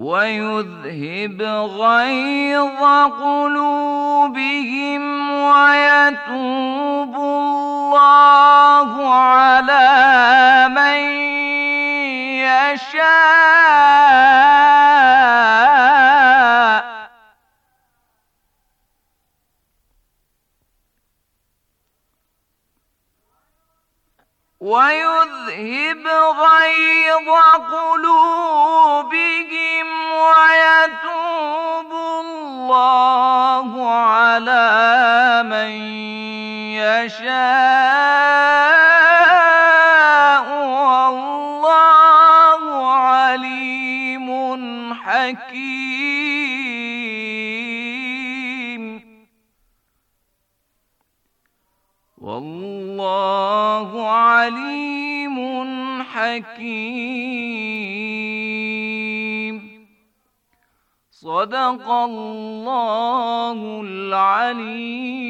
ويذهب غيظ قلوبهم ويتوب الله على من يشاء ويذهب غيظ قلوبهم من يشاء والله عليم حكيم والله عليم حكيم صدق الله العليم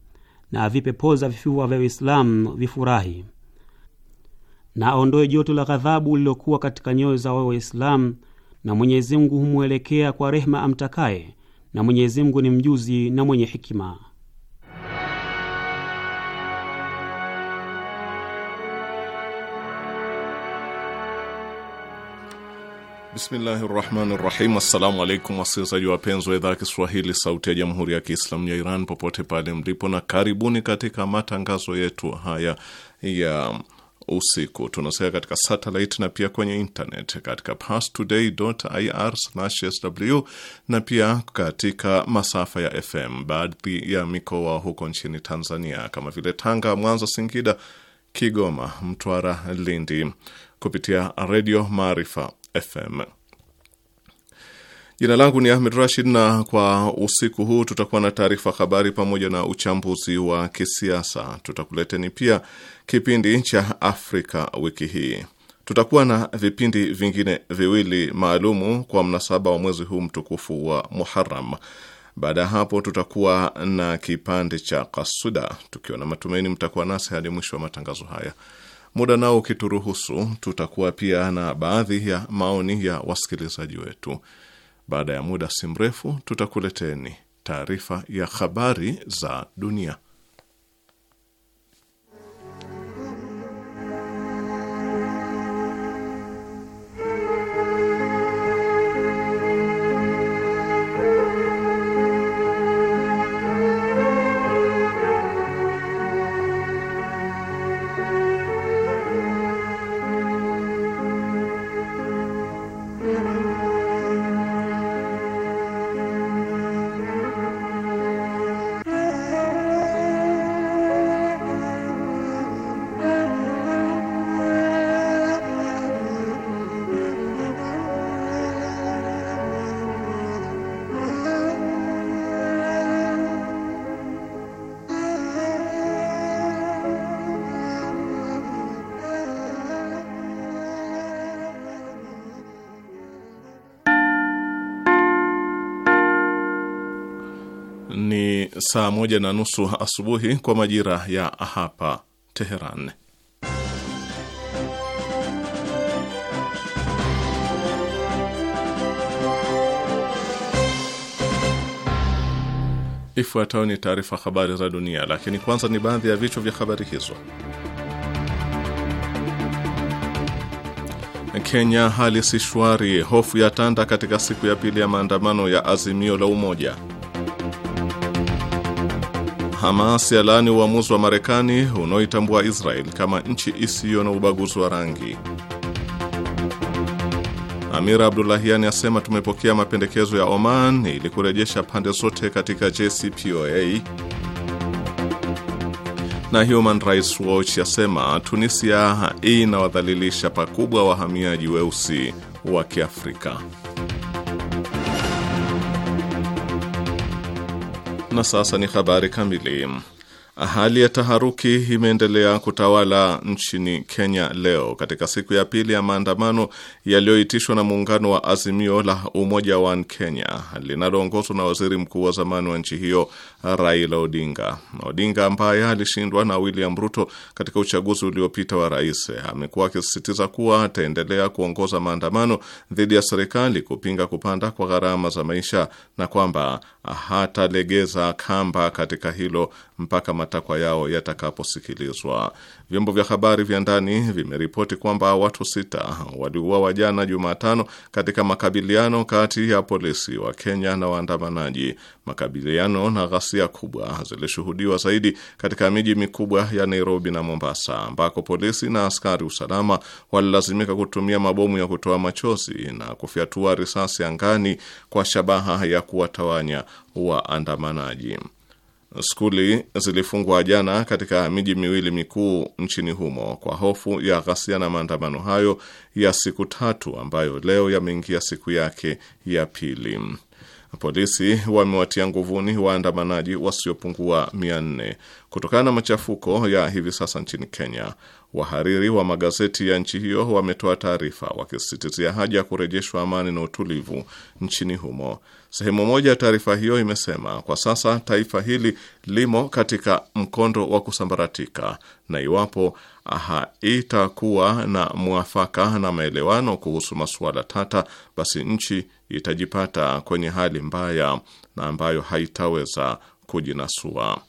na avipepoza vifua vya Uislamu vifurahi na aondoe joto la ghadhabu lililokuwa katika nyoyo za wao Waislamu, na Mwenyezi Mungu humwelekea kwa rehema amtakaye, na Mwenyezi Mungu ni mjuzi na mwenye hikima. Bismillahi rahmani rahim. Assalamu alaikum wasikilizaji wapenzi wa idhaa ya Kiswahili sauti ya jamhuri ya Kiislamu ya Iran popote pale mlipo, na karibuni katika matangazo yetu haya ya usiku. Tunasikia katika satelit na pia kwenye internet katika pastodayir sw na pia katika masafa ya FM baadhi ya mikoa huko nchini Tanzania kama vile Tanga, Mwanza, Singida, Kigoma, Mtwara, Lindi kupitia Redio Maarifa FM. Jina langu ni Ahmed Rashid, na kwa usiku huu tutakuwa na taarifa habari pamoja na uchambuzi wa kisiasa. Tutakuleteni pia kipindi cha Afrika wiki hii. Tutakuwa na vipindi vingine viwili maalumu kwa mnasaba wa mwezi huu mtukufu wa Muharram. Baada ya hapo, tutakuwa na kipande cha kasida, tukiwa na matumaini mtakuwa nasi hadi mwisho wa matangazo haya. Muda nao ukituruhusu, tutakuwa pia na baadhi ya maoni ya wasikilizaji wetu. Baada ya muda si mrefu, tutakuleteni taarifa ya habari za dunia. saa moja na nusu asubuhi kwa majira ya hapa Teheran. Ifuatayo ni taarifa habari za dunia, lakini kwanza ni baadhi ya vichwa vya habari hizo. Kenya hali si shwari, hofu ya tanda katika siku ya pili ya maandamano ya azimio la umoja Hamas yalaani uamuzi wa Marekani unaoitambua Israel kama nchi isiyo na ubaguzi wa rangi. Amir Abdullahian asema tumepokea mapendekezo ya Oman ili kurejesha pande zote katika JCPOA. Na Human Rights Watch yasema Tunisia inawadhalilisha pakubwa wahamiaji weusi wa Kiafrika. Na sasa ni habari kamili. Hali ya taharuki imeendelea kutawala nchini Kenya leo katika siku ya pili ya maandamano yaliyoitishwa na muungano wa Azimio la Umoja wa Kenya linaloongozwa na waziri mkuu wa zamani wa nchi hiyo Raila Odinga. Odinga ambaye alishindwa na William Ruto katika uchaguzi uliopita wa rais, amekuwa akisisitiza kuwa ataendelea kuongoza maandamano dhidi ya serikali kupinga kupanda kwa gharama za maisha na kwamba hatalegeza kamba katika hilo mpaka matakwa yao yatakaposikilizwa. Vyombo vya habari vya ndani vimeripoti kwamba watu sita waliuawa jana Jumatano katika makabiliano kati ya polisi wa Kenya na waandamanaji. Makabiliano na ghasia kubwa zilishuhudiwa zaidi katika miji mikubwa ya Nairobi na Mombasa, ambako polisi na askari usalama walilazimika kutumia mabomu ya kutoa machozi na kufyatua risasi angani kwa shabaha ya kuwatawanya waandamanaji. Skuli zilifungwa jana katika miji miwili mikuu nchini humo kwa hofu ya ghasia na maandamano hayo ya siku tatu ambayo leo yameingia siku yake ya pili. Polisi wamewatia nguvuni waandamanaji wasiopungua mia nne kutokana na machafuko ya hivi sasa nchini Kenya. Wahariri wa magazeti ya nchi hiyo wametoa taarifa wakisisitizia haja ya kurejeshwa amani na utulivu nchini humo. Sehemu moja ya taarifa hiyo imesema kwa sasa taifa hili limo katika mkondo wa kusambaratika, na iwapo haitakuwa na mwafaka na maelewano kuhusu masuala tata, basi nchi itajipata kwenye hali mbaya na ambayo haitaweza kujinasua.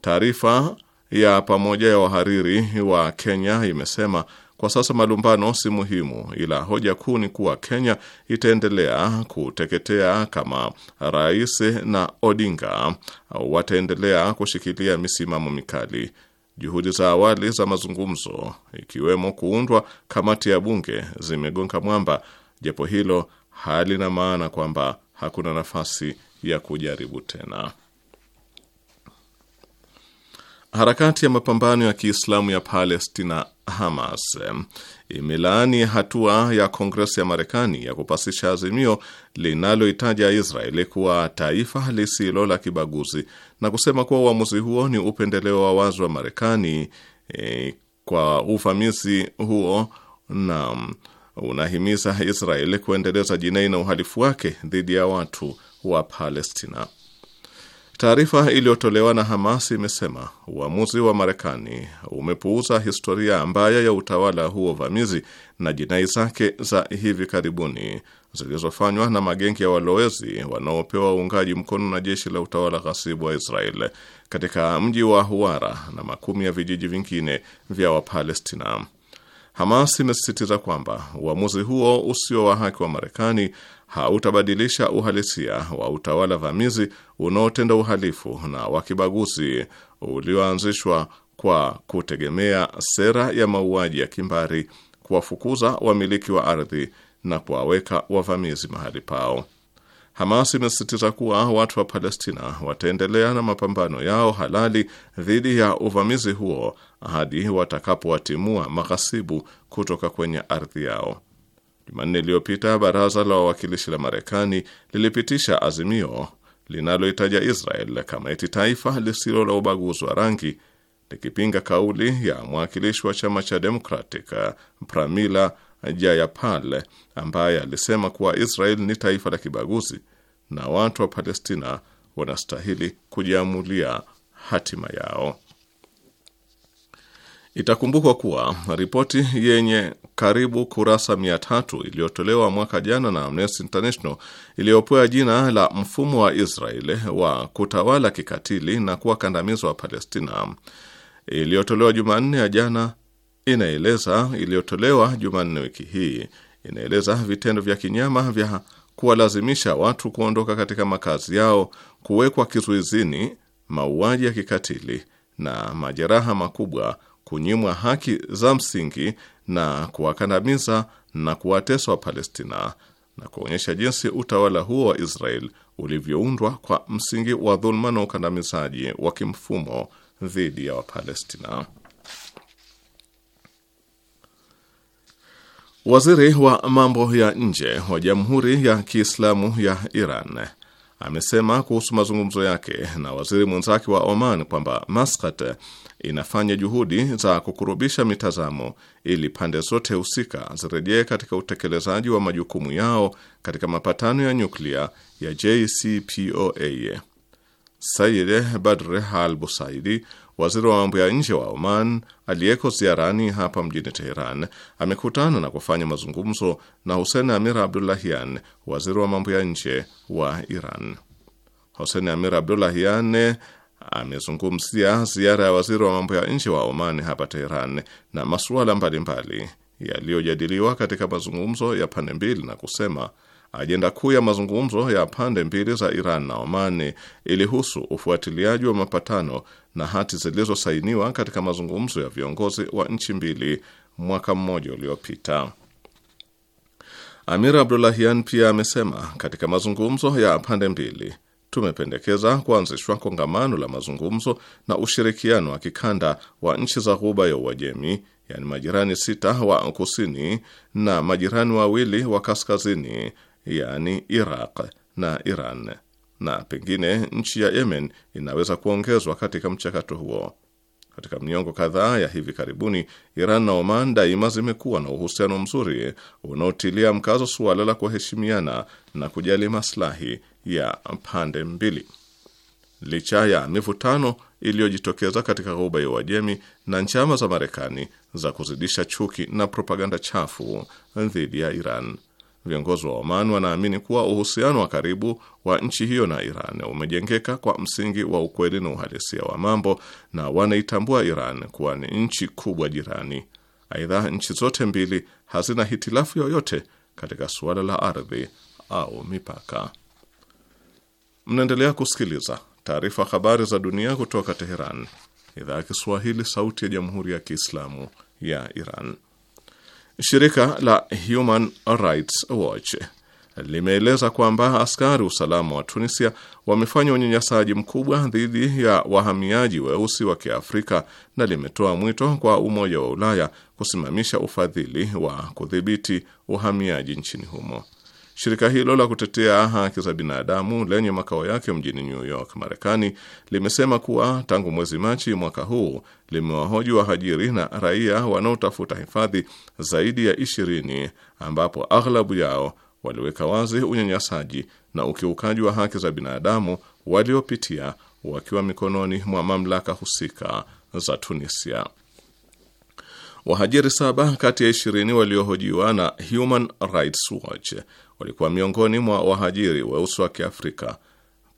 Taarifa ya pamoja ya wahariri wa Kenya imesema kwa sasa malumbano si muhimu, ila hoja kuu ni kuwa Kenya itaendelea kuteketea kama rais na Odinga wataendelea kushikilia misimamo mikali. Juhudi za awali za mazungumzo, ikiwemo kuundwa kamati ya bunge, zimegonga mwamba, japo hilo halina maana kwamba hakuna nafasi ya kujaribu tena. Harakati ya mapambano ya Kiislamu ya Palestina Hamas imelaani hatua ya kongres ya Marekani ya kupasisha azimio linaloitaja Israeli kuwa taifa lisilo la kibaguzi na kusema kuwa uamuzi huo ni upendeleo wa wazi wa Marekani e, kwa uvamizi huo na unahimiza Israeli kuendeleza jinai na uhalifu wake dhidi ya watu wa Palestina. Taarifa iliyotolewa na Hamas imesema uamuzi wa Marekani umepuuza historia mbaya ya utawala huo vamizi na jinai zake za hivi karibuni zilizofanywa na magengi ya walowezi wanaopewa uungaji mkono na jeshi la utawala ghasibu wa Israel katika mji wa Huwara na makumi ya vijiji vingine vya Wapalestina. Hamas imesisitiza kwamba uamuzi huo usio wa haki wa Marekani hautabadilisha uhalisia wa utawala vamizi unaotenda uhalifu na wa kibaguzi ulioanzishwa kwa kutegemea sera ya mauaji ya kimbari, kuwafukuza wamiliki wa ardhi na kuwaweka wavamizi mahali pao. Hamas imesisitiza kuwa watu wa Palestina wataendelea na mapambano yao halali dhidi ya uvamizi huo hadi watakapowatimua maghasibu kutoka kwenye ardhi yao. Jumanne iliyopita baraza la wawakilishi la Marekani lilipitisha azimio linaloitaja Israel kama eti taifa lisilo la ubaguzi wa rangi, likipinga kauli ya mwakilishi wa chama cha Democratic Pramila Jayapal ambaye alisema kuwa Israel ni taifa la kibaguzi na watu wa Palestina wanastahili kujiamulia hatima yao. Itakumbukwa kuwa ripoti yenye karibu kurasa mia tatu iliyotolewa mwaka jana na Amnesty International iliyopewa jina la mfumo wa Israel wa kutawala kikatili na kuwakandamiza wa Palestina iliyotolewa Jumanne ya jana inaeleza iliyotolewa Jumanne wiki hii inaeleza vitendo vya kinyama vya kuwalazimisha watu kuondoka katika makazi yao, kuwekwa kizuizini, mauaji ya kikatili na majeraha makubwa kunyimwa haki za msingi na kuwakandamiza na kuwatesa Wapalestina na kuonyesha jinsi utawala huo wa Israel ulivyoundwa kwa msingi wa dhuluma na ukandamizaji wa kimfumo dhidi ya Wapalestina. Waziri wa mambo ya nje wa Jamhuri ya Kiislamu ya Iran amesema kuhusu mazungumzo yake na waziri mwenzake wa Oman kwamba Maskat inafanya juhudi za kukurubisha mitazamo ili pande zote husika zirejee katika utekelezaji wa majukumu yao katika mapatano ya nyuklia ya JCPOA. Sayid Badr Al Busaidi, waziri wa mambo ya nje wa Oman aliyeko ziarani hapa mjini Teheran, amekutana na kufanya mazungumzo na Hussein Amir Abdullahian, waziri wa mambo ya nje wa Iran. Hussein Amir Abdullahian amezungumzia ziara ya waziri wa mambo ya nje wa Omani hapa Teheran na masuala mbalimbali yaliyojadiliwa katika mazungumzo ya pande mbili na kusema ajenda kuu ya mazungumzo ya pande mbili za Iran na Omani ilihusu ufuatiliaji wa mapatano na hati zilizosainiwa katika mazungumzo ya viongozi wa nchi mbili mwaka mmoja uliopita. Amir Abdulahian pia amesema katika mazungumzo ya pande mbili tumependekeza kuanzishwa kongamano la mazungumzo na ushirikiano wa kikanda wa nchi za Ghuba ya Uajemi, yani majirani sita wa kusini na majirani wawili wa kaskazini, yani Iraq na Iran, na pengine nchi ya Yemen inaweza kuongezwa katika mchakato huo. Katika miongo kadhaa ya hivi karibuni, Iran na Oman daima zimekuwa na uhusiano mzuri unaotilia mkazo suala la kuheshimiana na kujali maslahi ya pande mbili. Licha ya mivutano iliyojitokeza katika Ghuba ya Uajemi na njama za Marekani za kuzidisha chuki na propaganda chafu dhidi ya Iran, Viongozi wa Oman wanaamini kuwa uhusiano wa karibu wa nchi hiyo na Iran umejengeka kwa msingi wa ukweli na uhalisia wa mambo na wanaitambua Iran kuwa ni nchi kubwa jirani. Aidha, nchi zote mbili hazina hitilafu yoyote katika suala la ardhi au mipaka. Mnaendelea kusikiliza taarifa habari za dunia kutoka Teheran, idhaa ya Kiswahili, sauti ya jamhuri ya kiislamu ya Iran. Shirika la Human Rights Watch limeeleza kwamba askari usalama wa Tunisia wamefanya unyanyasaji mkubwa dhidi ya wahamiaji weusi wa Kiafrika na limetoa mwito kwa Umoja wa Ulaya kusimamisha ufadhili wa kudhibiti uhamiaji nchini humo. Shirika hilo la kutetea haki za binadamu lenye makao yake mjini New York, Marekani, limesema kuwa tangu mwezi Machi mwaka huu limewahoji wahajiri na raia wanaotafuta hifadhi zaidi ya ishirini, ambapo aghlabu yao waliweka wazi unyanyasaji na ukiukaji wa haki za binadamu waliopitia wakiwa mikononi mwa mamlaka husika za Tunisia. Wahajiri saba kati ya ishirini waliohojiwa na Human Rights Watch walikuwa miongoni mwa wahajiri weusi wa Kiafrika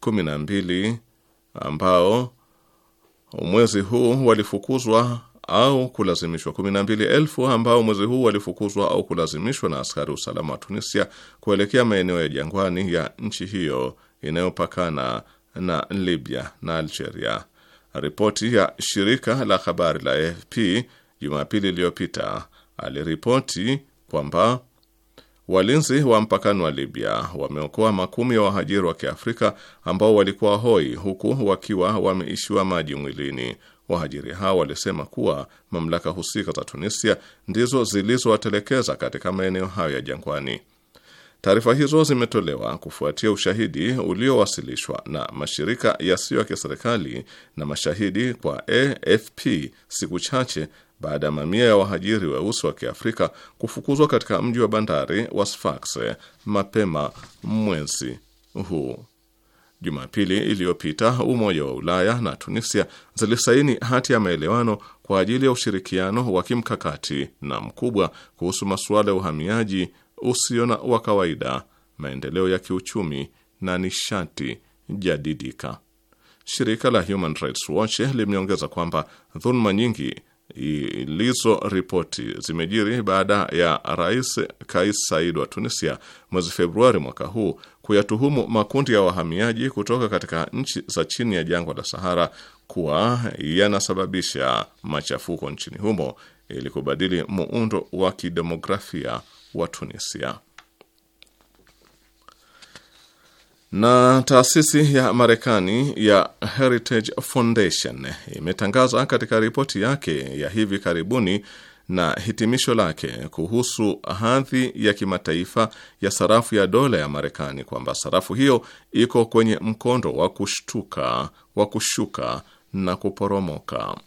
12 ambao mwezi huu walifukuzwa au kulazimishwa, 12 ambao mwezi huu walifukuzwa au kulazimishwa na askari usalama wa Tunisia kuelekea maeneo ya jangwani ya nchi hiyo inayopakana na Libya na Algeria. Ripoti ya shirika la habari la AFP Jumapili iliyopita aliripoti kwamba Walinzi wa mpakani wa Libya wameokoa makumi ya wahajiri wa Kiafrika ambao walikuwa hoi huku wakiwa wameishiwa maji mwilini. Wahajiri hao walisema kuwa mamlaka husika za Tunisia ndizo zilizowatelekeza katika maeneo hayo ya jangwani. Taarifa hizo zimetolewa kufuatia ushahidi uliowasilishwa na mashirika yasiyo ya kiserikali na mashahidi kwa AFP siku chache baada ya mamia ya wahajiri weusi wa Kiafrika kufukuzwa katika mji wa bandari wa Sfax mapema mwezi huu. Jumapili iliyopita Umoja wa Ulaya na Tunisia zilisaini hati ya maelewano kwa ajili ya ushirikiano wa kimkakati na mkubwa kuhusu masuala ya uhamiaji usio na wa kawaida, maendeleo ya kiuchumi na nishati jadidika. Shirika la Human Rights Watch limeongeza kwamba dhuluma nyingi ilizo ripoti zimejiri baada ya Rais Kais Saied wa Tunisia mwezi Februari mwaka huu kuyatuhumu makundi ya wahamiaji kutoka katika nchi za chini ya jangwa la Sahara kuwa yanasababisha machafuko nchini humo ili kubadili muundo wa kidemografia wa Tunisia. Na taasisi ya Marekani ya Heritage Foundation imetangaza katika ripoti yake ya hivi karibuni na hitimisho lake kuhusu hadhi ya kimataifa ya sarafu ya dola ya Marekani kwamba sarafu hiyo iko kwenye mkondo wa kushtuka, wa kushuka na kuporomoka.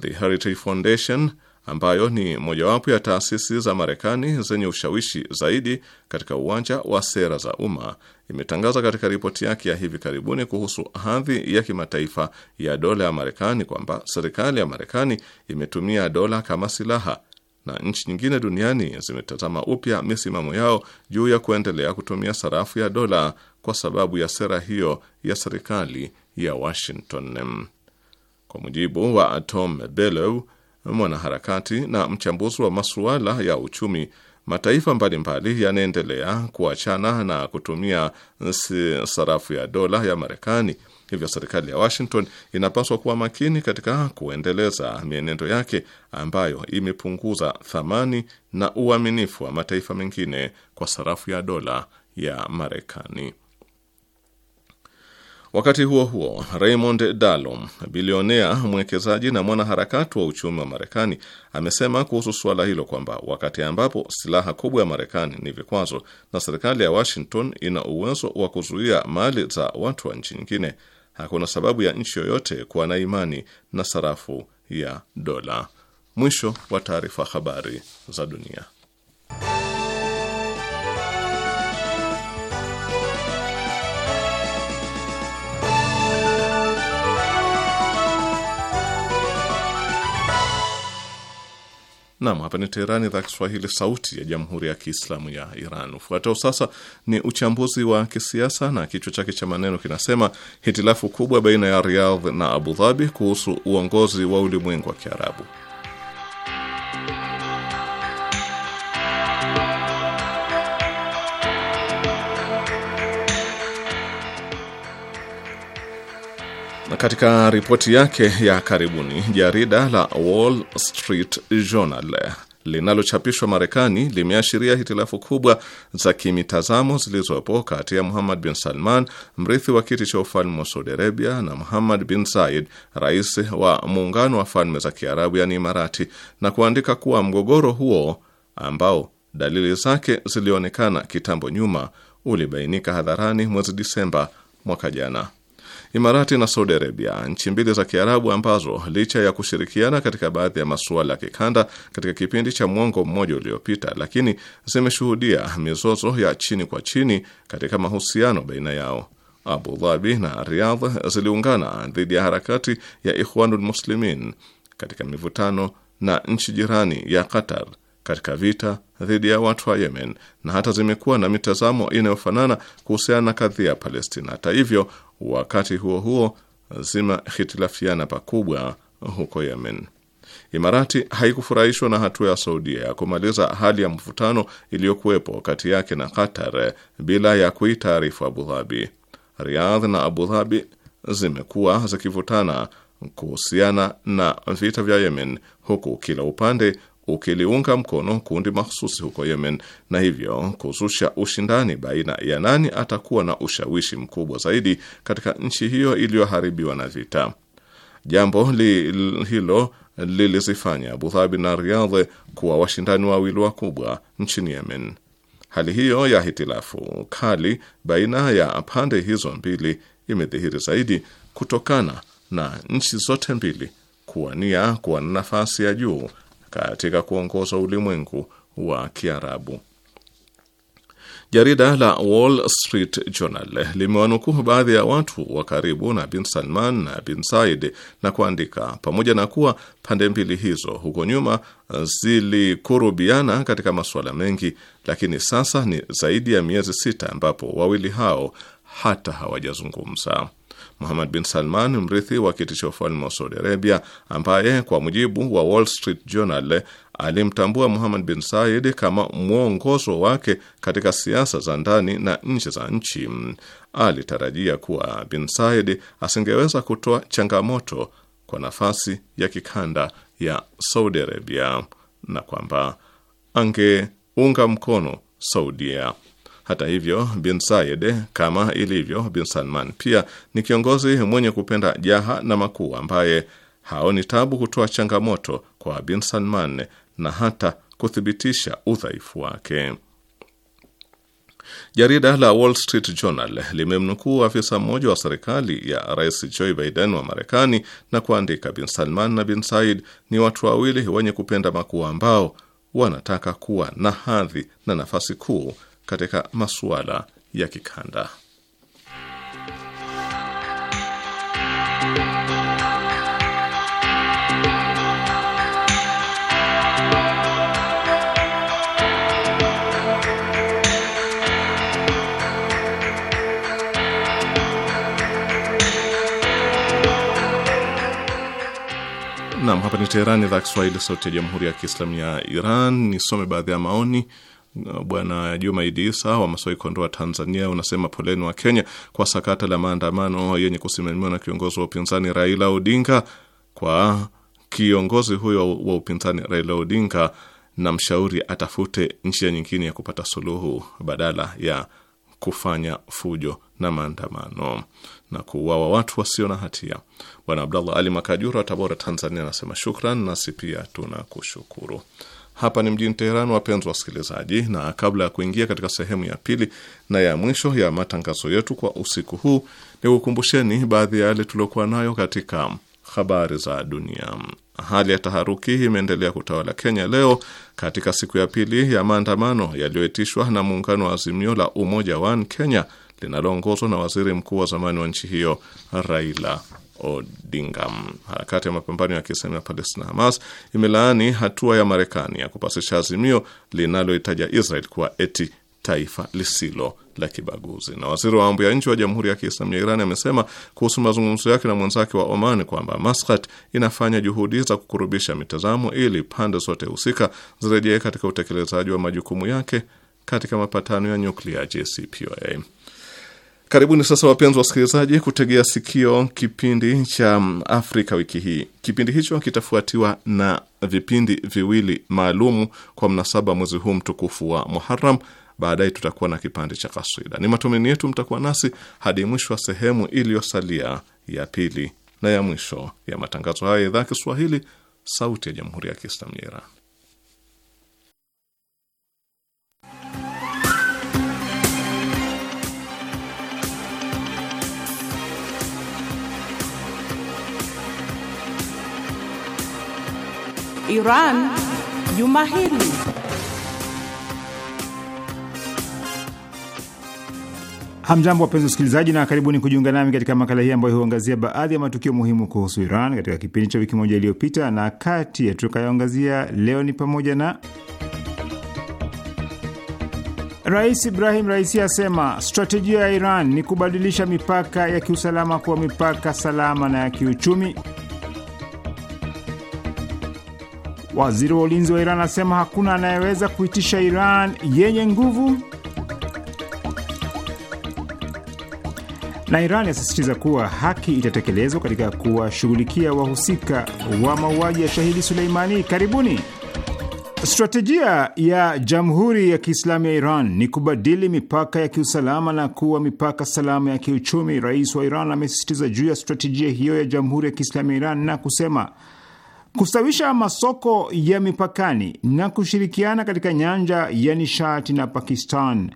The Heritage Foundation ambayo ni mojawapo ya taasisi za Marekani zenye ushawishi zaidi katika uwanja wa sera za umma, imetangaza katika ripoti yake ya hivi karibuni kuhusu hadhi ya kimataifa ya dola ya Marekani kwamba serikali ya Marekani imetumia dola kama silaha na nchi nyingine duniani zimetazama upya misimamo yao juu ya kuendelea kutumia sarafu ya dola kwa sababu ya sera hiyo ya serikali ya Washington. Kwa mujibu wa Tom Bellew mwanaharakati na mchambuzi wa masuala ya uchumi, mataifa mbalimbali yanaendelea kuachana na kutumia sarafu ya dola ya Marekani. Hivyo serikali ya Washington inapaswa kuwa makini katika kuendeleza mienendo yake ambayo imepunguza thamani na uaminifu wa mataifa mengine kwa sarafu ya dola ya Marekani. Wakati huo huo, Raymond Dalom, bilionea mwekezaji na mwanaharakati wa uchumi wa Marekani, amesema kuhusu suala hilo kwamba wakati ambapo silaha kubwa ya Marekani ni vikwazo na serikali ya Washington ina uwezo wa kuzuia mali za watu wa nchi nyingine, hakuna sababu ya nchi yoyote kuwa na imani na sarafu ya dola. Mwisho wa taarifa. Habari za dunia. Nam, hapa ni Teherani, idhaa Kiswahili, sauti ya jamhuri ya kiislamu ya Iran. Ufuatao sasa ni uchambuzi wa kisiasa na kichwa chake cha maneno kinasema hitilafu kubwa baina ya Riyadh na Abu Dhabi kuhusu uongozi wa ulimwengu wa Kiarabu. Katika ripoti yake ya karibuni, jarida la Wall Street Journal linalochapishwa Marekani limeashiria hitilafu kubwa za kimitazamo zilizopo kati ya Muhammad bin Salman, mrithi wa kiti cha ufalme wa Saudi Arabia, na Muhammad bin Zayed, rais wa muungano wa falme za Kiarabu, yani Imarati, na kuandika kuwa mgogoro huo ambao dalili zake zilionekana kitambo nyuma ulibainika hadharani mwezi Disemba mwaka jana. Imarati na Saudi Arabia, nchi mbili za Kiarabu ambazo licha ya kushirikiana katika baadhi ya masuala ya kikanda katika kipindi cha mwongo mmoja uliopita, lakini zimeshuhudia mizozo ya chini kwa chini katika mahusiano baina yao. Abu Dhabi na Riyadh ziliungana dhidi ya harakati ya Ikhwanul Muslimin katika mivutano na nchi jirani ya Qatar katika vita dhidi ya watu wa Yemen na hata zimekuwa na mitazamo inayofanana kuhusiana na kadhia ya Palestina. Hata hivyo, wakati huo huo zimehitilafiana pakubwa huko Yemen. Imarati haikufurahishwa na hatua ya Saudia ya kumaliza hali ya mvutano iliyokuwepo kati yake na Qatar bila ya kuitaarifu Abu Dhabi. Riyadh na Abu Dhabi zimekuwa zikivutana kuhusiana na vita vya Yemen, huku kila upande ukiliunga mkono kundi mahususi huko Yemen na hivyo kuzusha ushindani baina ya nani atakuwa na ushawishi mkubwa zaidi katika nchi hiyo iliyoharibiwa na vita. Jambo li, li, hilo lilizifanya Abu Dhabi na Riyadh kuwa washindani wawili wakubwa nchini Yemen. Hali hiyo ya hitilafu kali baina ya pande hizo mbili imedhihiri zaidi kutokana na nchi zote mbili kuwania kuwa na nafasi ya juu katika kuongoza ulimwengu wa Kiarabu. Jarida la Wall Street Journal limewanukuu baadhi ya watu wa karibu na bin Salman na bin Said na kuandika, pamoja na kuwa pande mbili hizo huko nyuma zilikurubiana katika masuala mengi, lakini sasa ni zaidi ya miezi sita ambapo wawili hao hata hawajazungumza. Muhammad bin Salman, mrithi wa kiti cha ufalme wa Saudi Arabia, ambaye kwa mujibu wa Wall Street Journal alimtambua Muhammad bin Said kama mwongozo wake katika siasa za ndani na nje za nchi, alitarajia kuwa bin Said asingeweza kutoa changamoto kwa nafasi ya kikanda ya Saudi Arabia na kwamba angeunga mkono Saudia hata hivyo, bin Said kama ilivyo bin Salman pia ni kiongozi mwenye kupenda jaha na makuu, ambaye haoni tabu kutoa changamoto kwa bin Salman na hata kuthibitisha udhaifu wake. Jarida la Wall Street Journal limemnukuu afisa mmoja wa serikali ya Rais Joe Biden wa Marekani na kuandika, bin Salman na bin Said ni watu wawili wenye kupenda makuu ambao wanataka kuwa na hadhi na nafasi kuu katika masuala ya kikanda. Nam, hapa ni Teherani, idhaa Kiswahili, sauti ya jamhuri ya kiislamu ya Iran. Nisome baadhi ya maoni. Uh, Bwana Juma Idi Isa wa Masoi, Kondoa, Tanzania, unasema poleni wa Kenya kwa sakata la maandamano yenye kusimamiwa na kiongozi wa upinzani Raila Odinga kwa kiongozi huyo wa upinzani Raila Odinga na mshauri atafute njia nyingine ya kupata suluhu badala ya kufanya fujo na maandamano na kuuawa watu wasio na hatia. Bwana Abdallah Ali Makajura wa Tabora, Tanzania, anasema shukran, nasi pia tuna kushukuru hapa ni mjini Teheran, wapenzi wasikilizaji, na kabla ya kuingia katika sehemu ya pili na ya mwisho ya matangazo yetu kwa usiku huu, ni kukumbusheni baadhi ya yale tuliokuwa nayo katika habari za dunia. Hali ya taharuki imeendelea kutawala Kenya leo katika siku ya pili ya maandamano yaliyoitishwa na muungano wa Azimio la Umoja One Kenya linaloongozwa na waziri mkuu wa zamani wa nchi hiyo Raila Odingam. Harakati ya mapambano ya Kiislamu ya Palestina, Hamas, imelaani hatua ya Marekani ya kupasisha azimio linaloitaja Israel kuwa eti taifa lisilo la kibaguzi. Na waziri wa mambo ya nchi wa Jamhuri ya Kiislamu ya Iran amesema kuhusu mazungumzo yake na mwenzake wa Oman kwamba Maskat inafanya juhudi za kukurubisha mitazamo ili pande zote husika zirejee katika utekelezaji wa majukumu yake katika mapatano ya nyuklia JCPOA. Karibuni sasa wapenzi wasikilizaji, kutegea sikio kipindi cha Afrika wiki hii. Kipindi hicho kitafuatiwa na vipindi viwili maalumu kwa mnasaba mwezi huu mtukufu wa muharam Baadaye tutakuwa na kipande cha kaswida. Ni matumaini yetu mtakuwa nasi hadi mwisho wa sehemu iliyosalia ya pili na ya mwisho ya matangazo haya ya idhaa ya Kiswahili, Sauti ya Jamhuri ya Kiislamu ya Iran. Iran juma hili. Hamjambo, wapenzi wasikilizaji, na karibuni kujiunga nami katika makala hii ambayo huangazia baadhi ya matukio muhimu kuhusu Iran katika kipindi cha wiki moja iliyopita, na kati ya tutakayoangazia leo ni pamoja na Rais Ibrahim Raisi asema strategia ya Iran ni kubadilisha mipaka ya kiusalama kuwa mipaka salama na ya kiuchumi. Waziri wa ulinzi wa Iran anasema hakuna anayeweza kuitisha Iran yenye nguvu, na Iran yasisitiza kuwa haki itatekelezwa katika kuwashughulikia wahusika wa mauaji ya shahidi Suleimani. Karibuni. Stratejia ya Jamhuri ya Kiislamu ya Iran ni kubadili mipaka ya kiusalama na kuwa mipaka salama ya kiuchumi. Rais wa Iran amesisitiza juu ya stratejia hiyo ya Jamhuri ya Kiislamu ya Iran na kusema kustawisha masoko ya mipakani na kushirikiana katika nyanja ya nishati na Pakistan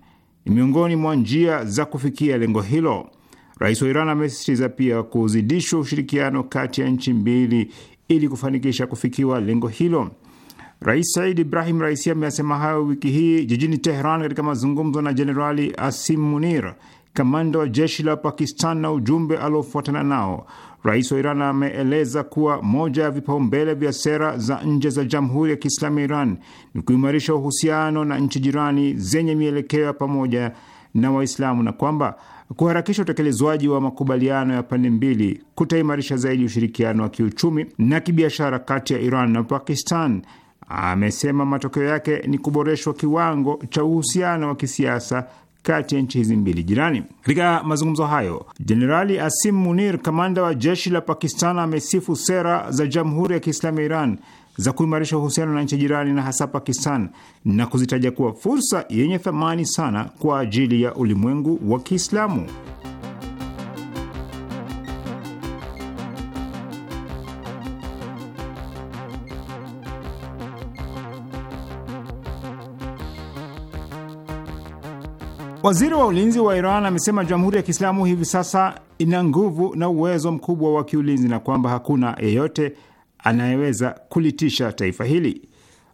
ni miongoni mwa njia za kufikia lengo hilo. Rais wa Iran amesisitiza pia kuzidishwa ushirikiano kati ya nchi mbili ili kufanikisha kufikiwa lengo hilo. Rais Said Ibrahim Raisi ameyasema hayo wiki hii jijini Teheran katika mazungumzo na Jenerali Asim Munir, kamanda wa jeshi la Pakistan na ujumbe aliofuatana nao. Rais wa Iran ameeleza kuwa moja ya vipaumbele vya sera za nje za Jamhuri ya Kiislamu ya Iran ni kuimarisha uhusiano na nchi jirani zenye mielekeo ya pamoja na Waislamu na kwamba kuharakisha utekelezwaji wa makubaliano ya pande mbili kutaimarisha zaidi ushirikiano wa kiuchumi na kibiashara kati ya Iran na Pakistan. Amesema matokeo yake ni kuboreshwa kiwango cha uhusiano wa kisiasa kati ya nchi hizi mbili jirani. Katika mazungumzo hayo, Jenerali Asim Munir, kamanda wa jeshi la Pakistan, amesifu sera za Jamhuri ya Kiislamu ya Iran za kuimarisha uhusiano na nchi jirani na hasa Pakistan na kuzitaja kuwa fursa yenye thamani sana kwa ajili ya ulimwengu wa Kiislamu. Waziri wa ulinzi wa Iran amesema Jamhuri ya Kiislamu hivi sasa ina nguvu na uwezo mkubwa wa kiulinzi na kwamba hakuna yeyote anayeweza kulitisha taifa hili.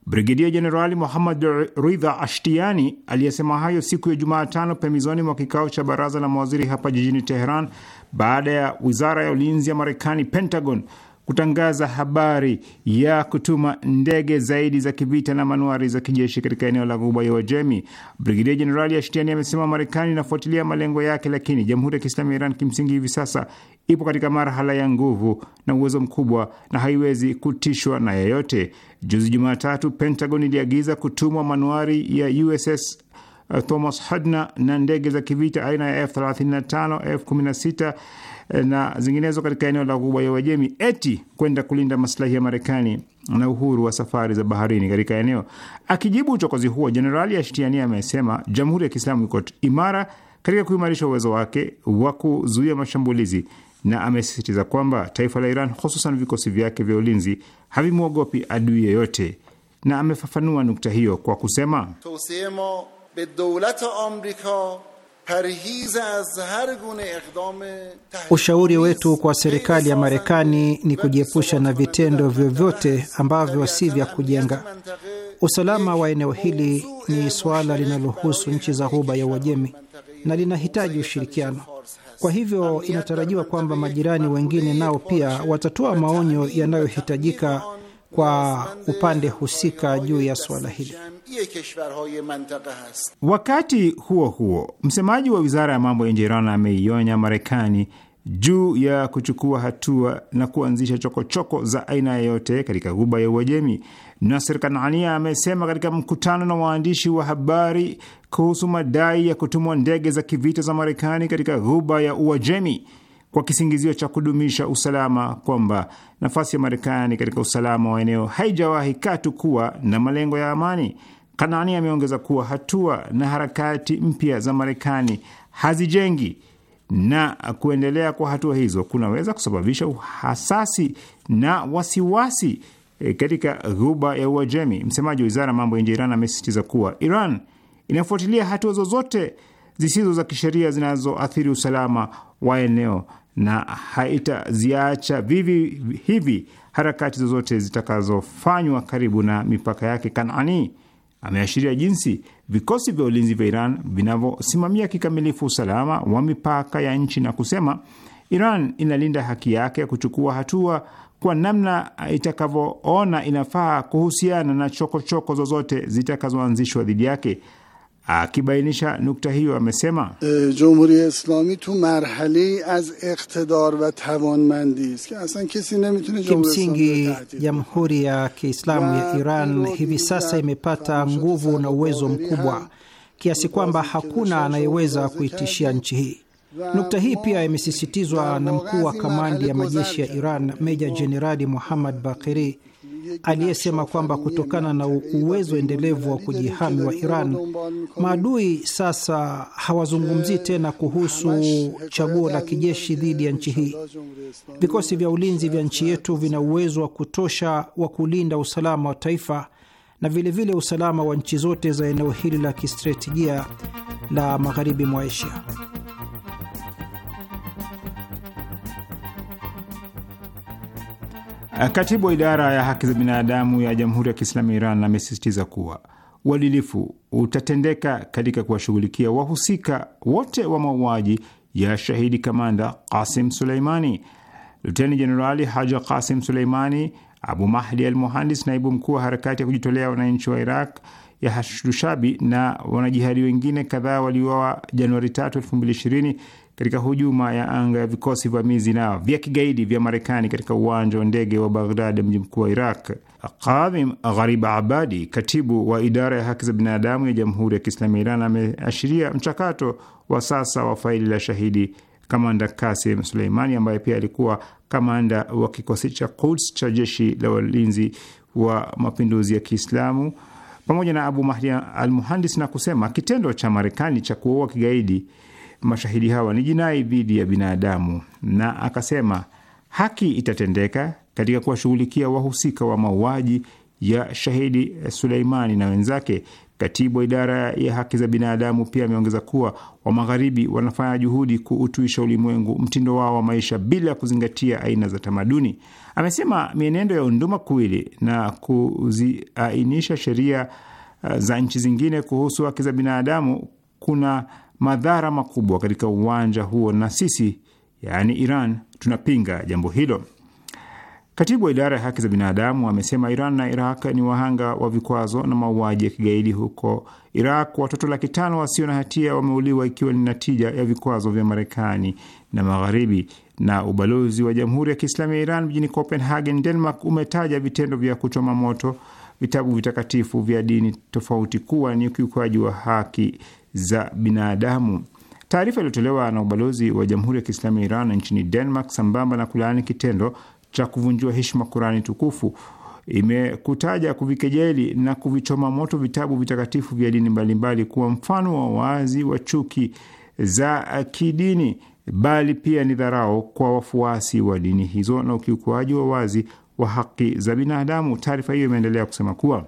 Brigedia Jenerali Muhammad Ridha Ashtiani aliyesema hayo siku ya Jumatano pembezoni mwa kikao cha baraza la mawaziri hapa jijini Teheran baada ya wizara ya ulinzi ya Marekani, Pentagon, kutangaza habari ya kutuma ndege zaidi za kivita na manuari za kijeshi katika eneo la Ghuba ya Uajemi. Brigedia Jenerali Ashtiani amesema Marekani inafuatilia malengo yake, lakini Jamhuri ya Kiislamu ya Iran kimsingi hivi sasa ipo katika marhala ya nguvu na uwezo mkubwa na haiwezi kutishwa na yeyote. Juzi Jumatatu, Pentagon iliagiza kutumwa manuari ya USS uh, Thomas Hudna na ndege za kivita aina ya F35, F16 Eh, na zinginezo katika eneo la Ghuba ya Uajemi eti kwenda kulinda maslahi ya Marekani na uhuru wa safari za baharini katika eneo. Akijibu uchokozi huo, Jenerali Ashtiani amesema Jamhuri ya Kiislamu iko imara katika kuimarisha uwezo wake wa kuzuia mashambulizi na amesisitiza kwamba taifa la Iran hususan vikosi vyake vya ulinzi havimwogopi adui yeyote, na amefafanua nukta hiyo kwa kusema Ushauri wetu kwa serikali ya Marekani ni kujiepusha na vitendo vyovyote ambavyo si vya kujenga. Usalama wa eneo hili ni suala linalohusu nchi za Ghuba ya Uajemi na linahitaji ushirikiano. Kwa hivyo inatarajiwa kwamba majirani wengine nao pia watatoa maonyo yanayohitajika kwa upande husika juu ya suala hili. Wakati huo huo, msemaji wa wizara ya mambo ya nje Iran ameionya Marekani juu ya kuchukua hatua na kuanzisha chokochoko choko za aina yoyote katika ghuba ya Uajemi. nasir Kanani amesema katika mkutano na waandishi wa habari kuhusu madai ya kutumwa ndege za kivita za Marekani katika ghuba ya Uajemi kwa kisingizio cha kudumisha usalama kwamba nafasi ya Marekani katika usalama wa eneo haijawahi katu kuwa na malengo ya amani. kanani ameongeza kuwa hatua na harakati mpya za Marekani hazijengi na kuendelea kwa hatua hizo kunaweza kusababisha uhasasi na wasiwasi e, katika ghuba ya Uajemi. Msemaji wa wizara ya mambo ya nje Iran amesisitiza kuwa Iran inafuatilia hatua zozote zisizo za kisheria zinazoathiri usalama wa eneo na haitaziacha vivi hivi harakati zozote zitakazofanywa karibu na mipaka yake Kanani. Ameashiria jinsi vikosi vya ulinzi vya Iran vinavyosimamia kikamilifu usalama wa mipaka ya nchi na kusema Iran inalinda haki yake ya kuchukua hatua kwa namna itakavyoona inafaa kuhusiana na chokochoko choko zozote zitakazoanzishwa dhidi yake Akibainisha nukta hiyo amesema eh, jumhuri ya Islami tu marhali az iktidar wa tawanmandi is ke asan kisi nemitune. Kimsingi, Jamhuri ya Kiislamu ya Iran hivi sasa imepata nguvu na uwezo mkubwa kiasi kwamba hakuna anayeweza kuitishia nchi hii. Nukta hii pia imesisitizwa na mkuu wa kamandi ya majeshi ya Iran, Meja Jenerali Muhammad Bakiri aliyesema kwamba kutokana na uwezo endelevu wa kujihami wa Iran, maadui sasa hawazungumzii tena kuhusu chaguo la kijeshi dhidi ya nchi hii. Vikosi vya ulinzi vya nchi yetu vina uwezo wa kutosha wa kulinda usalama wa taifa na vilevile vile usalama wa nchi zote za eneo hili la kistratejia la magharibi mwa Asia. Eh, katibu wa idara ya haki za binadamu ya Jamhuri ya Kiislamu ya Iran amesisitiza kuwa uadilifu utatendeka katika kuwashughulikia wahusika wote wa mauaji ya shahidi kamanda Qasim Suleimani. Luteni Jenerali Haja Qasim Suleimani, Abu Mahdi al Muhandis, naibu mkuu wa harakati ya kujitolea wananchi wa Iraq ya Hashdushabi na wanajihadi wengine kadhaa waliuawa Januari 3, 2020 katika hujuma ya anga ya vikosi vamizi na vya kigaidi vya Marekani katika uwanja wa ndege wa Baghdad, mji mkuu wa Iraq. Kadhim Gharib Abadi, katibu wa idara ya haki za binadamu ya Jamhuri ya Kiislamu ya Iran, ameashiria mchakato wa sasa wa faili la shahidi kamanda Kasim Suleimani ambaye pia alikuwa kamanda wa kikosi cha Quds cha jeshi la walinzi wa mapinduzi ya Kiislamu pamoja na Abu Mahdi al-Muhandis na kusema kitendo cha Marekani cha kuua kigaidi mashahidi hawa ni jinai dhidi ya binadamu, na akasema haki itatendeka katika kuwashughulikia wahusika wa mauaji ya shahidi Suleimani na wenzake. Katibu wa idara ya haki za binadamu pia ameongeza kuwa wa Magharibi wanafanya juhudi kuutuisha ulimwengu mtindo wao wa maisha bila kuzingatia aina za tamaduni. Amesema mienendo ya unduma kuwili na kuziainisha sheria uh, za nchi zingine kuhusu haki za binadamu kuna madhara makubwa katika uwanja huo, na sisi yaani Iran tunapinga jambo hilo. Katibu wa idara ya haki za binadamu amesema Iran na Iraq ni wahanga wa vikwazo na mauaji ya kigaidi huko Iraq. Watoto laki tano wasio na hatia wameuliwa ikiwa ni natija ya vikwazo vya Marekani na Magharibi. Na ubalozi wa Jamhuri ya Kiislamu ya Iran mjini Copenhagen, Denmark, umetaja vitendo vya kuchoma moto vitabu vitakatifu vya dini tofauti kuwa ni ukiukaji wa haki za binadamu. Taarifa iliyotolewa na ubalozi wa Jamhuri ya Kiislamu ya Iran nchini Denmark, sambamba na kulaani kitendo cha kuvunjiwa heshima Kurani tukufu, imekutaja kuvikejeli na kuvichoma moto vitabu vitakatifu vya dini mbalimbali kuwa mfano wa wazi wa chuki za kidini, bali pia ni dharau kwa wafuasi wa dini hizo na ukiukuaji wa wazi wa haki za binadamu. Taarifa hiyo imeendelea kusema kuwa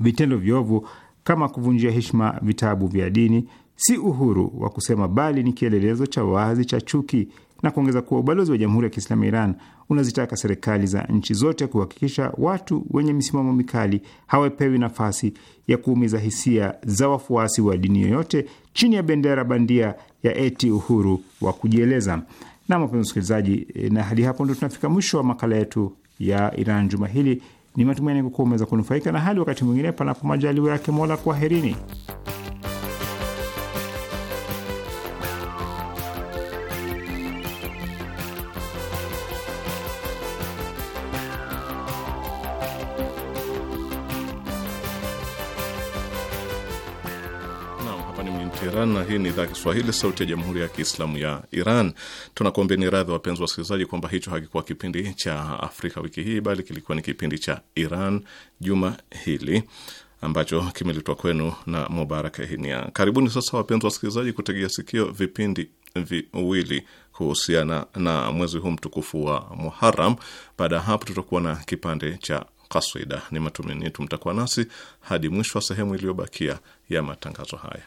vitendo viovu kama kuvunjia heshima vitabu vya dini si uhuru wa kusema, bali ni kielelezo cha wazi cha chuki, na kuongeza kuwa ubalozi wa Jamhuri ya Kiislamu ya Iran unazitaka serikali za nchi zote kuhakikisha watu wenye misimamo mikali hawapewi nafasi ya kuumiza hisia za wafuasi wa dini yoyote chini ya bendera bandia ya eti uhuru wa kujieleza. Na wapenzi msikilizaji, eh, na hadi hapo ndo tunafika mwisho wa makala yetu ya Iran juma hili. Ni matumaini kuwa umeweza kunufaika na hali wakati mwingine, panapo majaliwa yake Mola. Kwaherini. Teheran na hii ni idhaa Kiswahili sauti ya jamhuri ya Kiislamu ya Iran. Tunakuombeni radhi wapenzi wasikilizaji, kwamba hicho hakikuwa kipindi cha Afrika wiki hii, bali kilikuwa ni kipindi cha Iran juma hili ambacho kimeletwa kwenu na Mubarak Hinia. Karibuni sasa wapenzi wasikilizaji, kutegea sikio vipindi viwili kuhusiana na mwezi huu mtukufu wa Muharam. Baada ya hapo, tutakuwa na kipande cha kaswida. Ni matumaini yetu mtakuwa nasi hadi mwisho wa sehemu iliyobakia ya matangazo haya.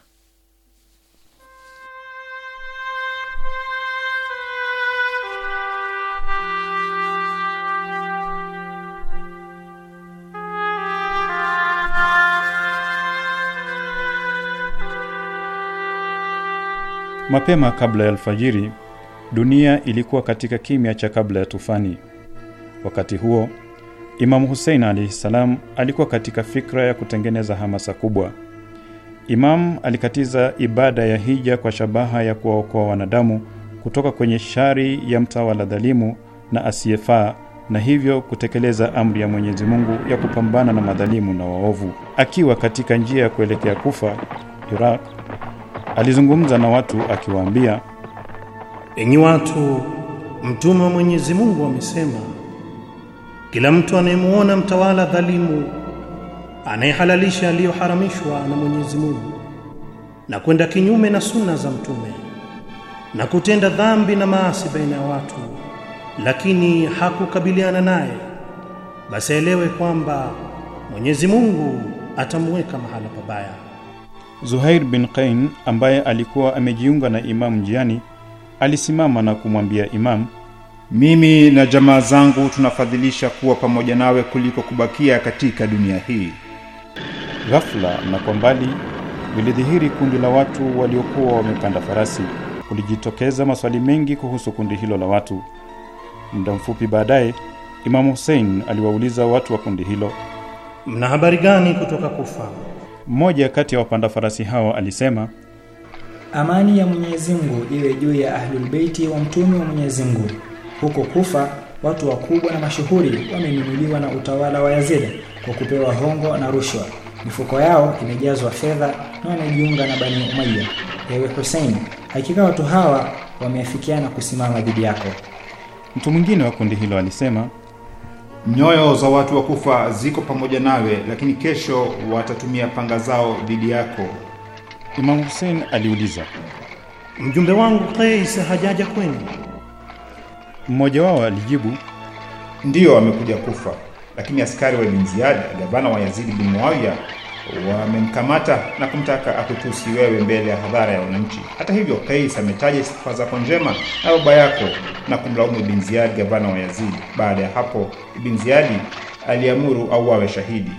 Mapema kabla ya alfajiri, dunia ilikuwa katika kimya cha kabla ya tufani. Wakati huo, Imam Hussein alaihi salam alikuwa katika fikra ya kutengeneza hamasa kubwa. Imam alikatiza ibada ya hija kwa shabaha ya kuwaokoa wanadamu kutoka kwenye shari ya mtawala dhalimu na asiyefaa na hivyo kutekeleza amri ya Mwenyezi Mungu ya kupambana na madhalimu na waovu. Akiwa katika njia ya kuelekea Kufa, Iraq, Alizungumza na watu akiwaambia, enyi watu, mtume wa Mwenyezi Mungu amesema, kila mtu anayemuona mtawala dhalimu anayehalalisha aliyoharamishwa na Mwenyezi Mungu na kwenda kinyume na suna za mtume na kutenda dhambi na maasi baina ya watu, lakini hakukabiliana naye, basi aelewe kwamba Mwenyezi Mungu atamweka mahala pabaya. Zuhair bin Qain ambaye alikuwa amejiunga na Imamu njiani alisimama na kumwambia Imamu, mimi na jamaa zangu tunafadhilisha kuwa pamoja nawe kuliko kubakia katika dunia hii. Ghafla na kwa mbali vilidhihiri kundi la watu waliokuwa wamepanda farasi. Kulijitokeza maswali mengi kuhusu kundi hilo la watu. Muda mfupi baadaye, Imamu Hussein aliwauliza watu wa kundi hilo, mna habari gani kutoka Kufa? Mmoja kati ya wapanda farasi hao alisema, amani ya Mwenyezi Mungu iwe juu ya ahlulbeiti wa mtume wa Mwenyezi Mungu. Huko Kufa watu wakubwa na mashuhuri wamenunuliwa na utawala wa Yazid kwa kupewa hongo na rushwa, mifuko yao imejazwa fedha na wamejiunga na Bani Umayya. Ewe Hussein, hakika watu hawa wameafikiana kusimama dhidi yako. Mtu mwingine wa kundi hilo alisema Nyoyo za watu wa kufa ziko pamoja nawe, lakini kesho watatumia panga zao dhidi yako. Imamu Hussein aliuliza, mjumbe wangu Qais hajaja kwenu? Mmoja wao alijibu, ndiyo, amekuja Kufa, lakini askari wa Ibn Ziyad, gavana wa Yazidi bin Muawiya wamemkamata na kumtaka akutusi wewe mbele ya hadhara ya wananchi. Hata hivyo, Kais ametaja sifa zako njema na baba yako na kumlaumu Ibn Ziyad, gavana wa Yazidi. Baada ya hapo, Ibn Ziyadi aliamuru auawe shahidi.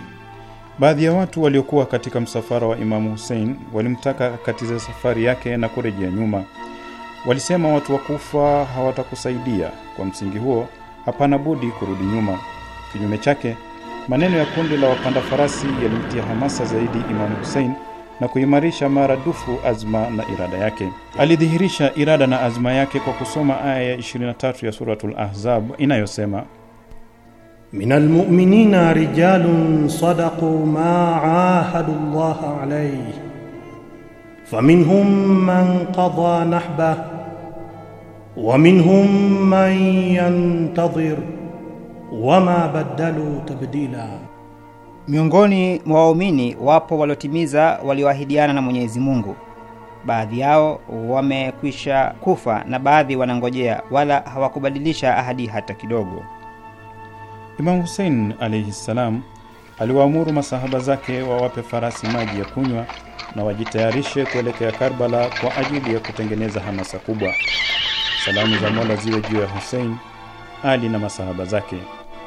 Baadhi ya watu waliokuwa katika msafara wa Imamu Hussein walimtaka akatize safari yake na kurejea nyuma. Walisema watu wa Kufa hawatakusaidia. Kwa msingi huo, hapana budi kurudi nyuma. Kinyume chake Maneno ya kundi la wapanda farasi yalimtia hamasa zaidi Imamu Hussein na kuimarisha maradufu azma na irada yake. Alidhihirisha irada na azma yake kwa kusoma aya ya 23 ya Suratul Ahzab inayosema minal mu'minina rijalun sadaqu ma ahadu llah alayhi faminhum man qada nahbah wa minhum man yantadhiru wama badalu tabdila. Miongoni mwa waumini wapo waliotimiza walioahidiana na Mwenyezi Mungu. Baadhi yao wamekwisha kufa na baadhi wanangojea, wala hawakubadilisha ahadi hata kidogo. Imamu Husein alaihi ssalam aliwaamuru masahaba zake wawape farasi maji ya kunywa na wajitayarishe kuelekea Karbala kwa ajili ya kutengeneza hamasa kubwa. Salamu za Mola ziwe juu ya Husein, Ali na masahaba zake.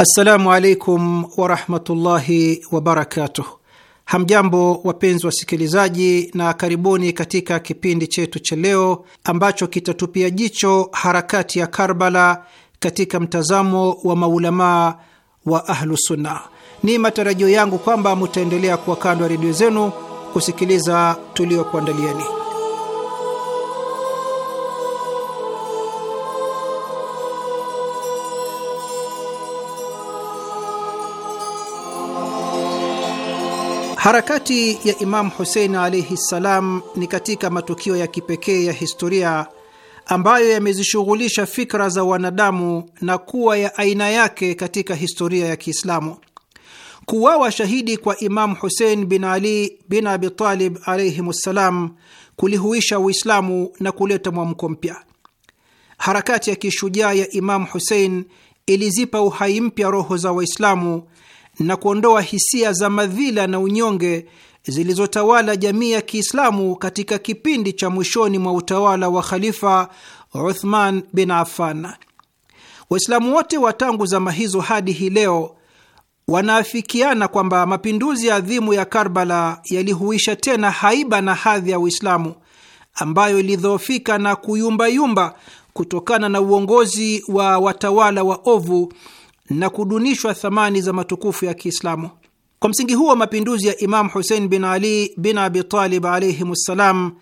Assalamu alaikum warahmatullahi wabarakatuh. Hamjambo wapenzi wasikilizaji, na karibuni katika kipindi chetu cha leo ambacho kitatupia jicho harakati ya Karbala katika mtazamo wa maulamaa wa Ahlusunna. Ni matarajio yangu kwamba mutaendelea kuwa kando ya redio zenu kusikiliza tuliokuandalieni. Harakati ya Imamu Husein alaihi ssalam ni katika matukio ya kipekee ya historia ambayo yamezishughulisha fikra za wanadamu na kuwa ya aina yake katika historia ya Kiislamu. Kuwawa shahidi kwa Imamu Husein bin Ali bin Abitalib alaihim ssalam kulihuisha Uislamu na kuleta mwamko mpya. Harakati ya kishujaa ya Imamu Husein ilizipa uhai mpya roho za Waislamu na kuondoa hisia za madhila na unyonge zilizotawala jamii ya Kiislamu katika kipindi cha mwishoni mwa utawala wa Khalifa Uthman bin Affan. Waislamu wote wa tangu zama hizo hadi hii leo wanaafikiana kwamba mapinduzi ya adhimu ya Karbala yalihuisha tena haiba na hadhi ya Uislamu ambayo ilidhoofika na kuyumbayumba kutokana na uongozi wa watawala wa ovu na kudunishwa thamani za matukufu ya Kiislamu. Kwa msingi huo, mapinduzi ya Imam Husein bin Ali bin Abi Talib alaihim ssalam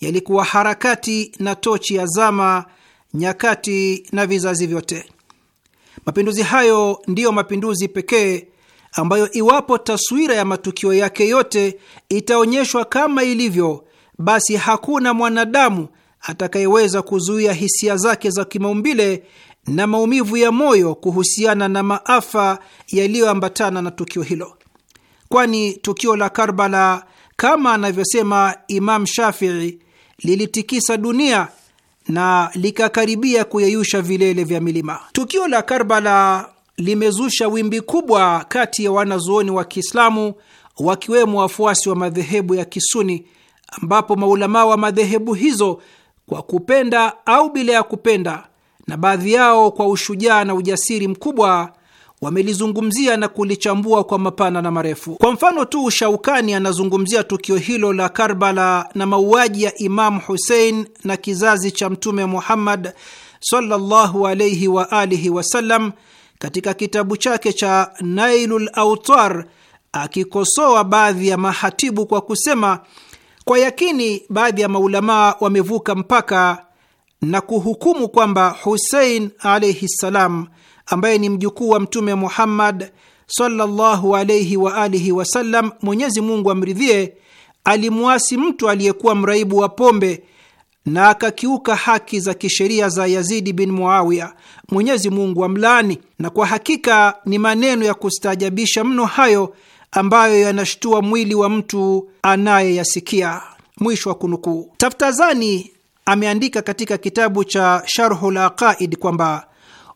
yalikuwa harakati na tochi ya zama, nyakati na vizazi vyote. Mapinduzi hayo ndiyo mapinduzi pekee ambayo iwapo taswira ya matukio yake yote itaonyeshwa kama ilivyo, basi hakuna mwanadamu atakayeweza kuzuia hisia zake za kimaumbile na maumivu ya moyo kuhusiana na maafa yaliyoambatana na tukio hilo, kwani tukio la Karbala kama anavyosema Imam Shafii lilitikisa dunia na likakaribia kuyeyusha vilele vya milima. Tukio la Karbala limezusha wimbi kubwa kati ya wanazuoni wa Kiislamu wakiwemo wafuasi wa madhehebu ya Kisuni, ambapo maulamaa wa madhehebu hizo kwa kupenda au bila ya kupenda na baadhi yao kwa ushujaa na ujasiri mkubwa wamelizungumzia na kulichambua kwa mapana na marefu. Kwa mfano tu, Shaukani anazungumzia tukio hilo la Karbala na mauaji ya Imamu Husein na kizazi cha Mtume Muhammad sallallahu alaihi wa alihi wasallam katika kitabu chake cha Nailul Autar, akikosoa baadhi ya mahatibu kwa kusema, kwa yakini baadhi ya maulamaa wamevuka mpaka na kuhukumu kwamba Husein alaihi ssalam, ambaye ni mjukuu wa Mtume Muhammad sallallahu alaihi wa alihi wasallam, Mwenyezi Mungu amridhie, alimwasi mtu aliyekuwa mraibu wa pombe na akakiuka haki za kisheria za Yazidi bin Muawiya, Mwenyezi Mungu amlaani. Na kwa hakika ni maneno ya kustaajabisha mno hayo ambayo yanashtua mwili wa mtu anayeyasikia. Mwisho wa kunukuu. Taftazani ameandika katika kitabu cha Sharhul Aqaid kwamba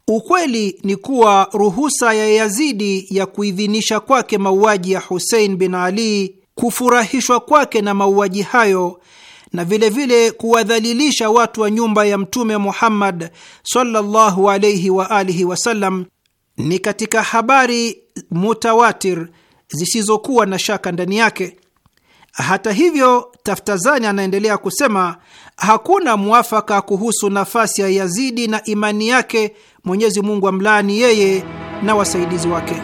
ukweli ni kuwa ruhusa ya Yazidi ya kuidhinisha kwake mauaji ya Husein bin Ali, kufurahishwa kwake na mauaji hayo na vilevile kuwadhalilisha watu wa nyumba ya Mtume Muhammad sallallahu alaihi wa alihi wasallam ni katika habari mutawatir zisizokuwa na shaka ndani yake. Hata hivyo, Taftazani anaendelea kusema Hakuna mwafaka kuhusu nafasi ya Yazidi na imani yake. Mwenyezi Mungu amlaani yeye na wasaidizi wake.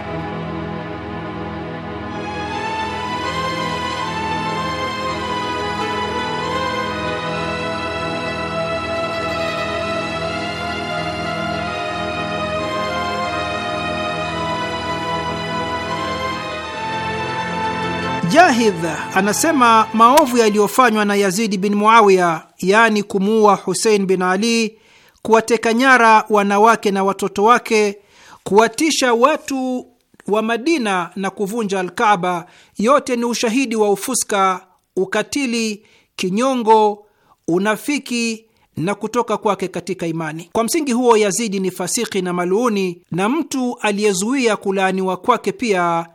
Mujahid anasema maovu yaliyofanywa na Yazidi bin Muawiya, yaani kumuua Husein bin Ali, kuwateka nyara wanawake na watoto wake, kuwatisha watu wa Madina na kuvunja alkaba yote ni ushahidi wa ufuska, ukatili, kinyongo, unafiki na kutoka kwake katika imani. Kwa msingi huo, Yazidi ni fasiki na maluuni, na mtu aliyezuia kulaaniwa kwake pia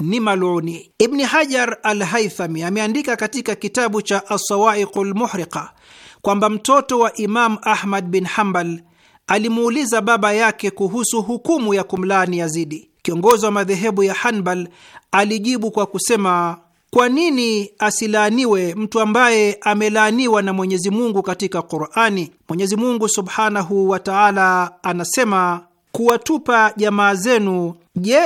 ni maluni. Ibni Hajar al Haithami ameandika katika kitabu cha Assawaiqu lmuhriqa kwamba mtoto wa Imam Ahmad bin Hambal alimuuliza baba yake kuhusu hukumu ya kumlaani Yazidi. Kiongozi wa madhehebu ya Hanbal alijibu kwa kusema, kwa nini asilaaniwe mtu ambaye amelaaniwa na Mwenyezi Mungu katika Qurani? Mwenyezi Mungu subhanahu wa taala anasema kuwatupa jamaa zenu. Je,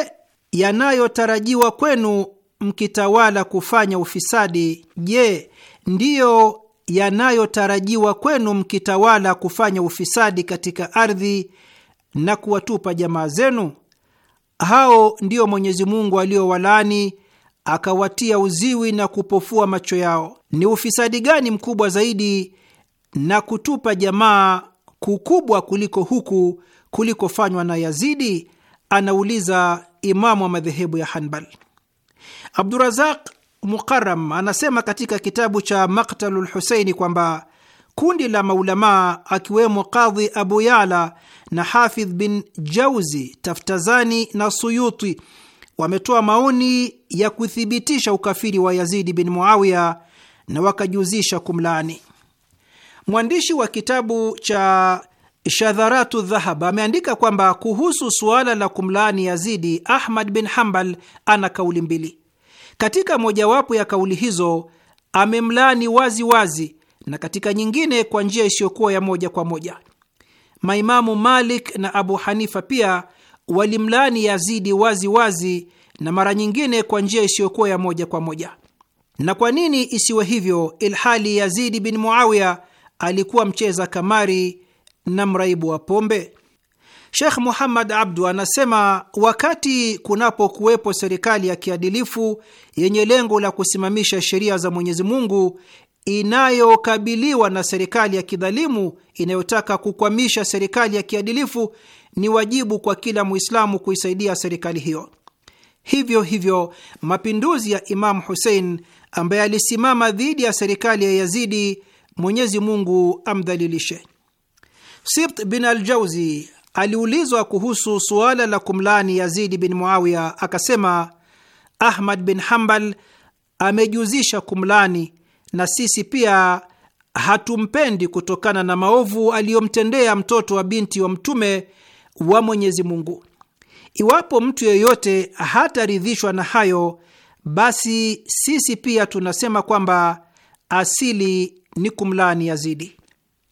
yanayotarajiwa kwenu mkitawala kufanya ufisadi? Je, ndiyo yanayotarajiwa kwenu mkitawala kufanya ufisadi katika ardhi na kuwatupa jamaa zenu? Hao ndiyo Mwenyezi Mungu aliowalaani akawatia uziwi na kupofua macho yao. Ni ufisadi gani mkubwa zaidi na kutupa jamaa kukubwa kuliko huku kulikofanywa na Yazidi Anauliza imamu wa madhehebu ya Hanbal Abdurazaq Muqaram anasema katika kitabu cha Maktalu lhuseini kwamba kundi la maulamaa akiwemo Qadhi Abu Yala na Hafidh bin Jauzi, Taftazani na Suyuti wametoa maoni ya kuthibitisha ukafiri wa Yazidi bin Muawiya na wakajuzisha kumlaani. Mwandishi wa kitabu cha Shadharatu Dhahab ameandika kwamba kuhusu suala la kumlaani Yazidi, Ahmad bin Hambal ana kauli mbili. Katika mojawapo ya kauli hizo amemlaani wazi wazi, na katika nyingine kwa njia isiyokuwa ya moja kwa moja. Maimamu Malik na Abu Hanifa pia walimlaani Yazidi wazi wazi na mara nyingine kwa njia isiyokuwa ya moja kwa moja. Na kwa nini isiwe hivyo, ilhali Yazidi bin Muawiya alikuwa mcheza kamari na mraibu wa pombe? Sheikh Muhammad Abdu anasema wakati kunapokuwepo serikali ya kiadilifu yenye lengo la kusimamisha sheria za Mwenyezi Mungu inayokabiliwa na serikali ya kidhalimu inayotaka kukwamisha serikali ya kiadilifu, ni wajibu kwa kila Muislamu kuisaidia serikali hiyo. Hivyo hivyo mapinduzi ya Imamu Husein ambaye alisimama dhidi ya serikali ya Yazidi, Mwenyezi Mungu amdhalilishe. Sibt bin al jauzi aliulizwa kuhusu suala la kumlani Yazidi bin Muawiya, akasema Ahmad bin Hambal amejuzisha kumlani, na sisi pia hatumpendi kutokana na maovu aliyomtendea mtoto wa binti wa Mtume wa Mwenyezi Mungu. Iwapo mtu yeyote hataridhishwa na hayo, basi sisi pia tunasema kwamba asili ni kumlani Yazidi.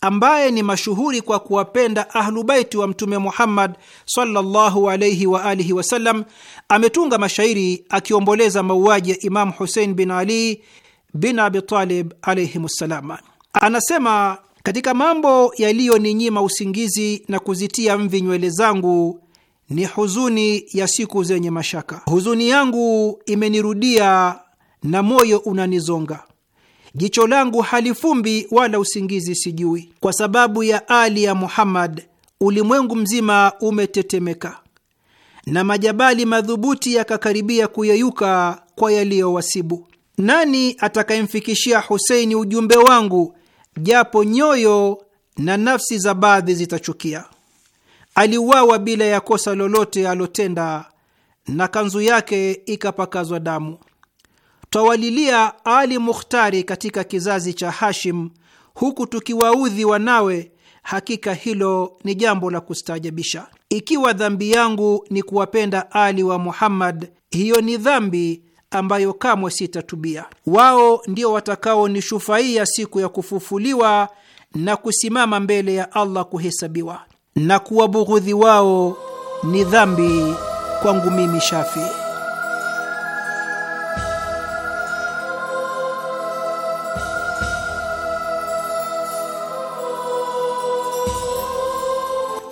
ambaye ni mashuhuri kwa kuwapenda Ahlubaiti wa Mtume Muhammad sallallahu alaihi wa alihi wasallam, ametunga mashairi akiomboleza mauaji ya Imamu Husein bin Ali bin Abitalib alaihim ssalam. Anasema, katika mambo yaliyoninyima usingizi na kuzitia mvi nywele zangu ni huzuni ya siku zenye mashaka. Huzuni yangu imenirudia na moyo unanizonga jicho langu halifumbi wala usingizi sijui. Kwa sababu ya Ali ya Muhammad ulimwengu mzima umetetemeka na majabali madhubuti yakakaribia kuyeyuka kwa yaliyowasibu. Nani atakayemfikishia Huseini ujumbe wangu, japo nyoyo na nafsi za baadhi zitachukia? Aliuawa bila ya kosa lolote alotenda, na kanzu yake ikapakazwa damu. Twawalilia Ali Mukhtari katika kizazi cha Hashim huku tukiwaudhi wanawe. Hakika hilo ni jambo la kustaajabisha. Ikiwa dhambi yangu ni kuwapenda Ali wa Muhammad, hiyo ni dhambi ambayo kamwe sitatubia. Wao ndio watakaonishufaia siku ya kufufuliwa na kusimama mbele ya Allah kuhesabiwa, na kuwabughudhi wao ni dhambi kwangu mimi Shafi.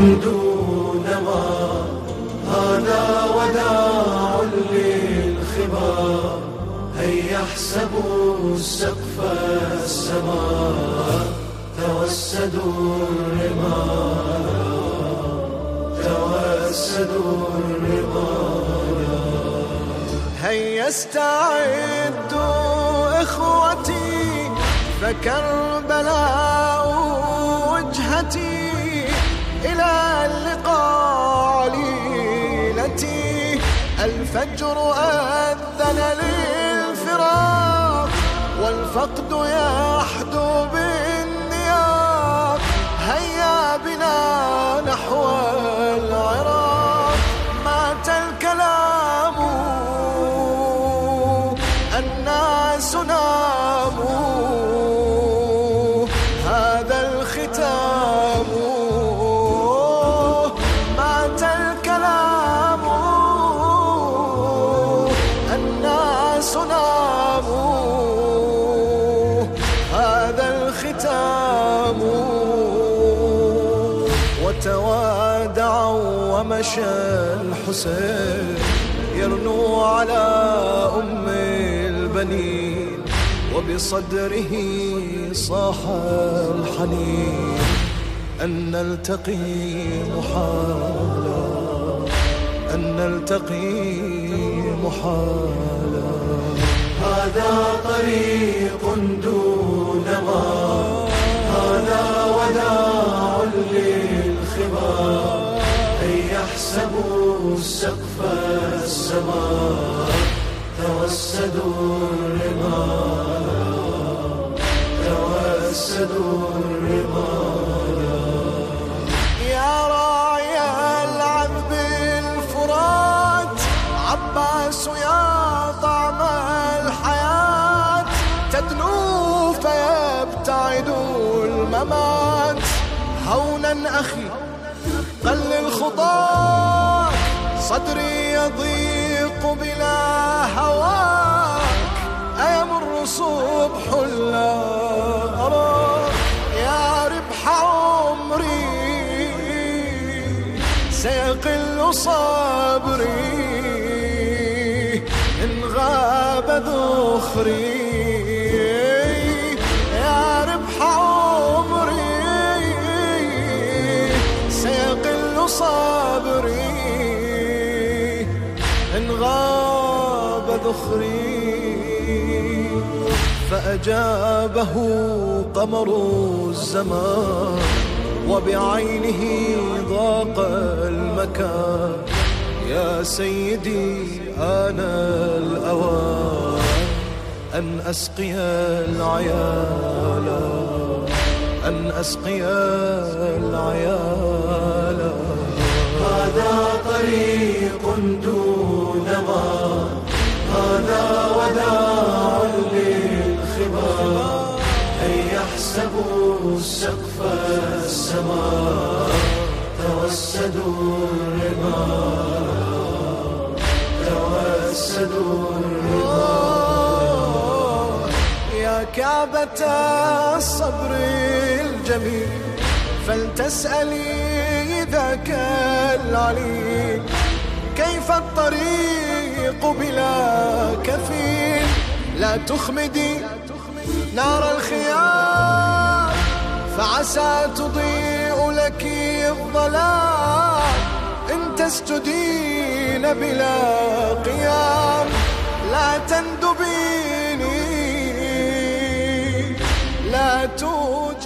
دونما هذا وداع للخبا هيا احسبوا سقف السماء توسدوا الرمال توسدوا الرمال هيا استعدوا اخوتي فكربلاء الفقد يا الحسين يرنو على أم البنين وبصدره صاح الحنين أن نلتقي محالا أن نلتقي محالا هذا طريق دون غار هذا وداع للخبار حسبوا سقف السماء توسدوا الرمال توسدوا الرمال يا راعي العذب بالفرات عباس ويا طعم الحياة تدنو فيبتعد الممات هونا أخي صدري يضيق بلا هواك أيمر صبح لا أرى يا ربح عمري سيقل صبري إن غاب ذخري ذخري فأجابه قمر الزمان وبعينه ضاق المكان يا سيدي آن الأوان أن أسقي العيال أن أسقي العيال هذا طريق دون غار هذا وداع للخبار أن يحسبوا سقف السماء توسدوا الربا توسدوا الربا يا كعبة الصبر الجميل فلتسألي ذاك العليم كيف الطريق الطريق بلا كفيل لا تخمدي نار الخيار فعسى تضيء لك الظلام إن تستدين بلا قيام لا تندبيني لا توجد